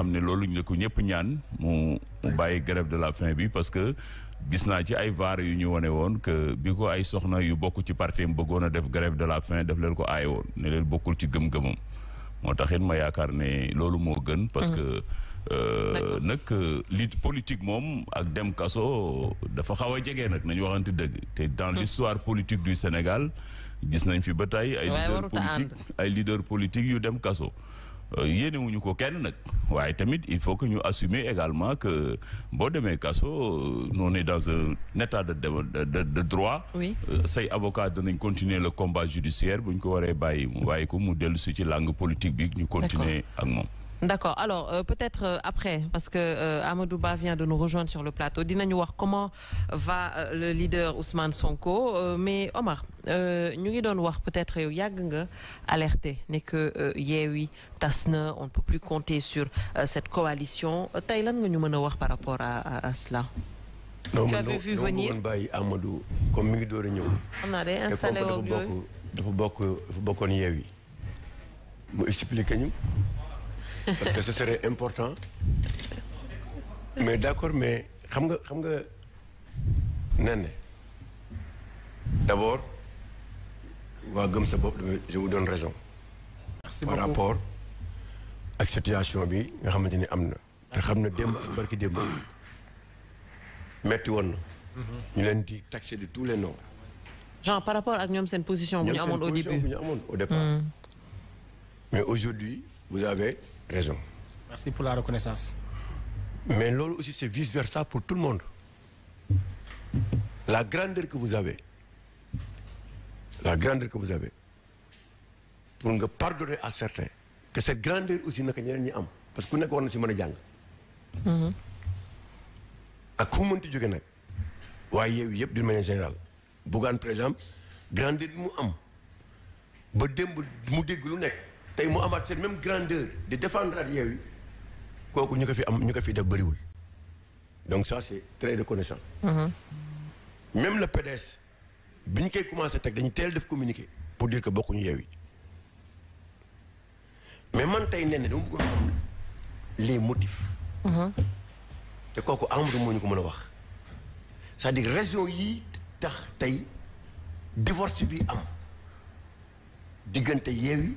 xam ne loolu ñu ko ñëpp ñaan mu mu bàyyi grève de la fin bi parce que gis naa ci ay vaar yu ñu wane woon que bi ko ay soxna yu bokk ci parti am bëggoon a def grève de la faim def leen ko aaye woon ne leen bokkul ci gëm-gëmam moo tax it ma yaakaar ne loolu moo gën parce que mmh. euh, nag euh, li politique moom ak dem kaso dafa xaw a jege nag nañu waxante dëgg te dans mmh. l'histoire politique du Sénégal gis nañ fi ba tey ay leader politique ay leader politique yu dem kaso Euh, yéenewuñu ko kenn nag waaye tamit il faut que ñu assumer également que boo demee kaso euh, on est dans un état de de de, droit. Euh, say avocat danañ continuer le combat judiciaire buñ ko waree bàyyi mu bàyyi ko mu dellu si ci langue politique bi ñu continuer ak moom. D'accord. Alors, euh, peut-être euh, après, parce que euh, Amadouba vient de nous rejoindre sur le plateau, Dina wax comment va le leader Ousmane Sonko. mais Omar, nous ngi peut-être yow alerté que Yewwi tassna on ne peut plus compter sur cette coalition Thaïlande, nous nga par rapport à cela. tu vu venir On parce que ce serait important mais d'accord mais d'abord je vous donne raison par rapport rapport la situation bi nga ni mhm. taxé de tous les noms genre par rapport à une position au début mm. mais aujourd'hui vous avez raison. Merci pour la reconnaissance. Mais là aussi, c'est vice-versa pour tout le monde. La grandeur que vous avez, la grandeur que vous avez, pour pas pardonner à certains, que cette grandeur aussi n'a ñeneen ñi parce que vous n'avez war na À mën a jàng. Mhm. ak ku vous jóge nag. waaye d'une manière générale. Bougan, par exemple grandeur de mu am ba démb mu tay mu amat cette même grandeur de défendre ak Yewwi koku ñu ko fi am ñu ko fi def bëriwul donc ça c'est très reconnaissant. Mm-hmm. même le PDS biñ kay commencé tek dañu teel def communiquer pour dire que ñu Yewwi mais man tey nee na dama bëgg xam les motifs. Mm-hmm. te koku amru moo ñu ko mëna wax cest dit dire raison yi tax tay divorce bi am diggante Yewwi.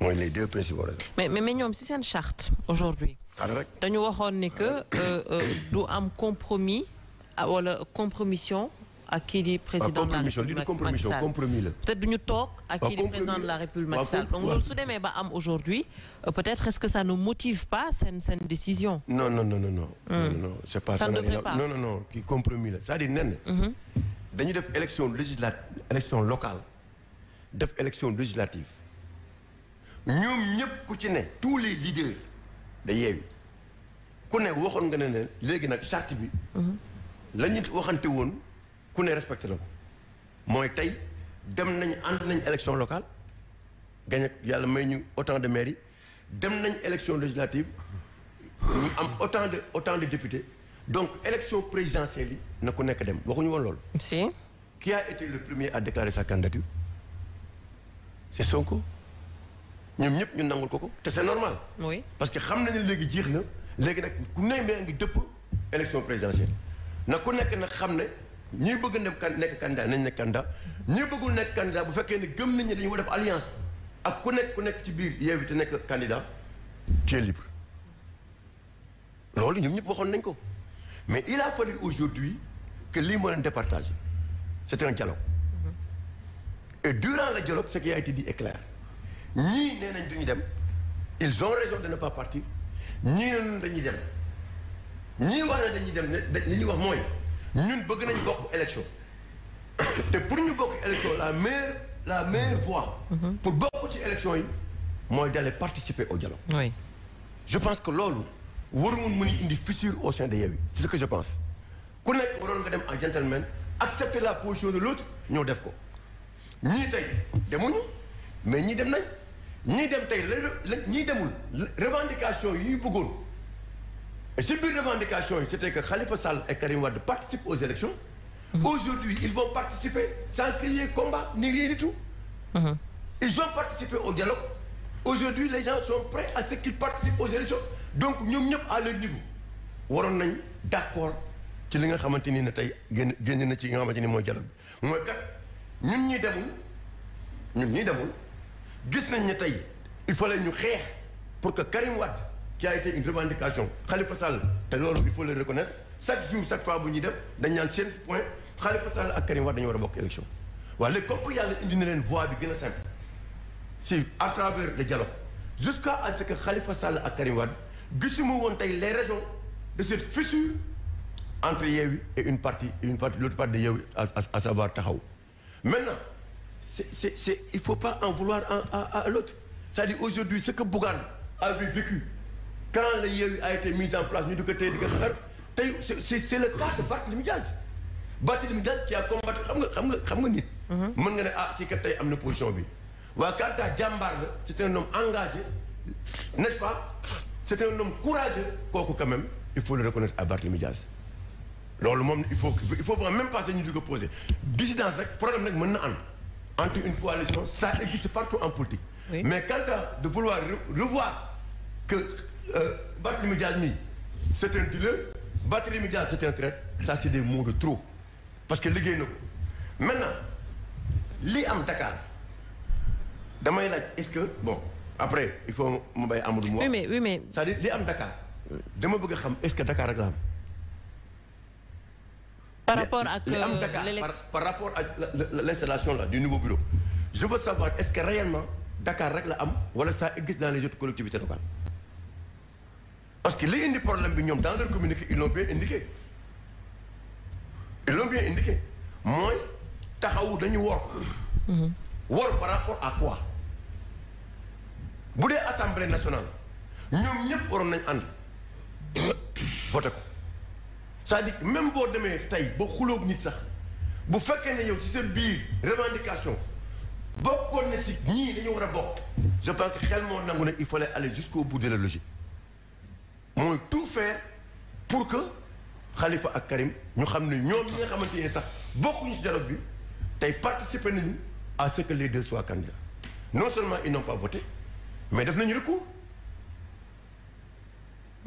Oui, les deux principaux raisons. mais mais mais ñoom ci une charte aujourd'hui nous avons dit que euh, euh, du am compromis ah, la compromission. à qui le président de la république Macky compromission. peut-être nous à à qui le président de la république donc nous le souhaitons, ba aujourd'hui euh, peut-être est-ce que ça ne motive pas cette décision. non non non non non. Hmm. non c'est pas ça non non non qui compromis Ça c'est-à-dire nous mhm. dañu def élection législative élection locale def élection législative ñoom ñëpp ku ci tous les leaders da yeewi ku ne waxoon nga ne ne léegi nag charte bi la ñu waxante woon ku ne respecté la ko mooy tey dem nañ ànd nañ élection locale gañ yàlla may ñu autant de mairie dem nañ élection législative ñu am autant de autant de députés donc élection présidentielle yi na ku nekk dem waxuñu woon loolu si qui a été le premier à déclarer sa candidature c'est Sonko ñom ñëpp ñu nangul ko ko te c'est normal. oui parce que xam nañu léegi jeex na léegi nag ku ne mbaa ngi dëpp élection présidentielle na ku nekk nak xam ne ñuy bëgg a dem nekk candidat nañ nekk candidat ñi bëggul nekk candidat bu fekkee ni gëm nañ ne dañu war def alliance ak ku nekk ku nekk ci biir Yewwi té nekk candidat tu es libre lolou ñom ñëpp waxon nañ ko mais il a fallu aujourd'hui que li moo leen départage c'est un dialogue mm-hmm. et durant le dialogue ce qui a été dit est clair. Ni nee nañ duñu dem ils ont raison de ne pas partir Ni ne ñun dañuy dem ni wax ne dañuy dem ne li ñuy wax mooy ñun bëgg nañ bokk élection te pour ñu bokk élection la meilleure la meilleure voie mhm. pour bokk ci élection yi mooy d'aller participer au dialogue oui je pense que loolu waruñu mën a indi fissure au sein de Yewwi c'est ce que je pense ku nekk waroon nga dem en gentleman accepter la position de l'autre ñoo def ko ñii tey demuñu mais nous dem nañ ni dem tey la demul revendication yi ñu et si biir revendication c'était que Khalifa Sall et Karim Wade participent aux élections mhm. aujourd'hui ils vont participer sans qu'il y ait combat ni rien du tout mhm. ils ont participé au dialogue aujourd'hui les gens sont prêts à ce qu'ils participent aux élections donc nous, ñëpp à leur niveau waroon nañ d'accord ci li nga xamante ne tey génn na ci nga ni dialogue bi mooy ñun gis nañ ne il fallait ñu xeex pour que Karim Wade qui a été une revendication Khalifa Sall il faut le reconnaître chaque jour chaque fois bu ñuy def dañ naan seen point Khalifa Sall ak Karim Wade dañu war a bokk élection waaye léegi comme yàlla indi na leen voix bi simple si à travers le dialogue jusqu'à ce que Khalifa Sall ak Karim Wade gisuma woon tey les raisons de cette fissure entre Yewwi et une partie une partie l'autre partie de Yewwi à, savoir taxaw maintenant il ne faut pas en vouloir à, l'autre. C'est-à-dire aujourd'hui, ce que Bougan avait vécu, quand le IEU a été mis en place, c'est le cas de Barthélémy Diaz. Barthélémy Diaz qui a combattu, c'est un homme engagé, n'est-ce pas C'est un homme courageux, quand même, il faut le reconnaître à Barthélémy Diaz. le il faut il faut même pas se poser dissidence problème rek mën entre une coalition, ça existe partout en politique. Mais quand à de vouloir revoir que battre les médias c'est un dealer, battre les c'est un trait, ça c'est des mots de trop. Parce que les gars, maintenant, les am Dakar, est-ce que, bon, après, il faut un moi. Oui, mais, oui, mais. Ça dit, les am Dakar, est-ce que Dakar réclame par rapport à l'installation du nouveau bureau, je veux savoir est-ce que réellement Dakar rek la am wala ça existe dans les autres collectivités locales. Parce que les indi problème dans leur communiqué ils l'ont bien indiqué. Ils l'ont bien indiqué Moi, taxaw dañu wor. Mhm. wor par rapport à quoi Vous assemblée nationale ñom ñep waroon nañ and voté c'est-à-dire même si demain, si vous xuloog nit sax bu revendication si je pense que il fallait aller jusqu'au bout de la logique On tout faire pour que Khalifa ak Karim ñoom ñi à ce que les deux soient candidats non seulement ils n'ont pas voté mais def le recours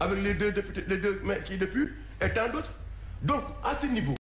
avec les deux députés, les deux mais qui depuis, et tant d'autres. Donc, à ce niveau,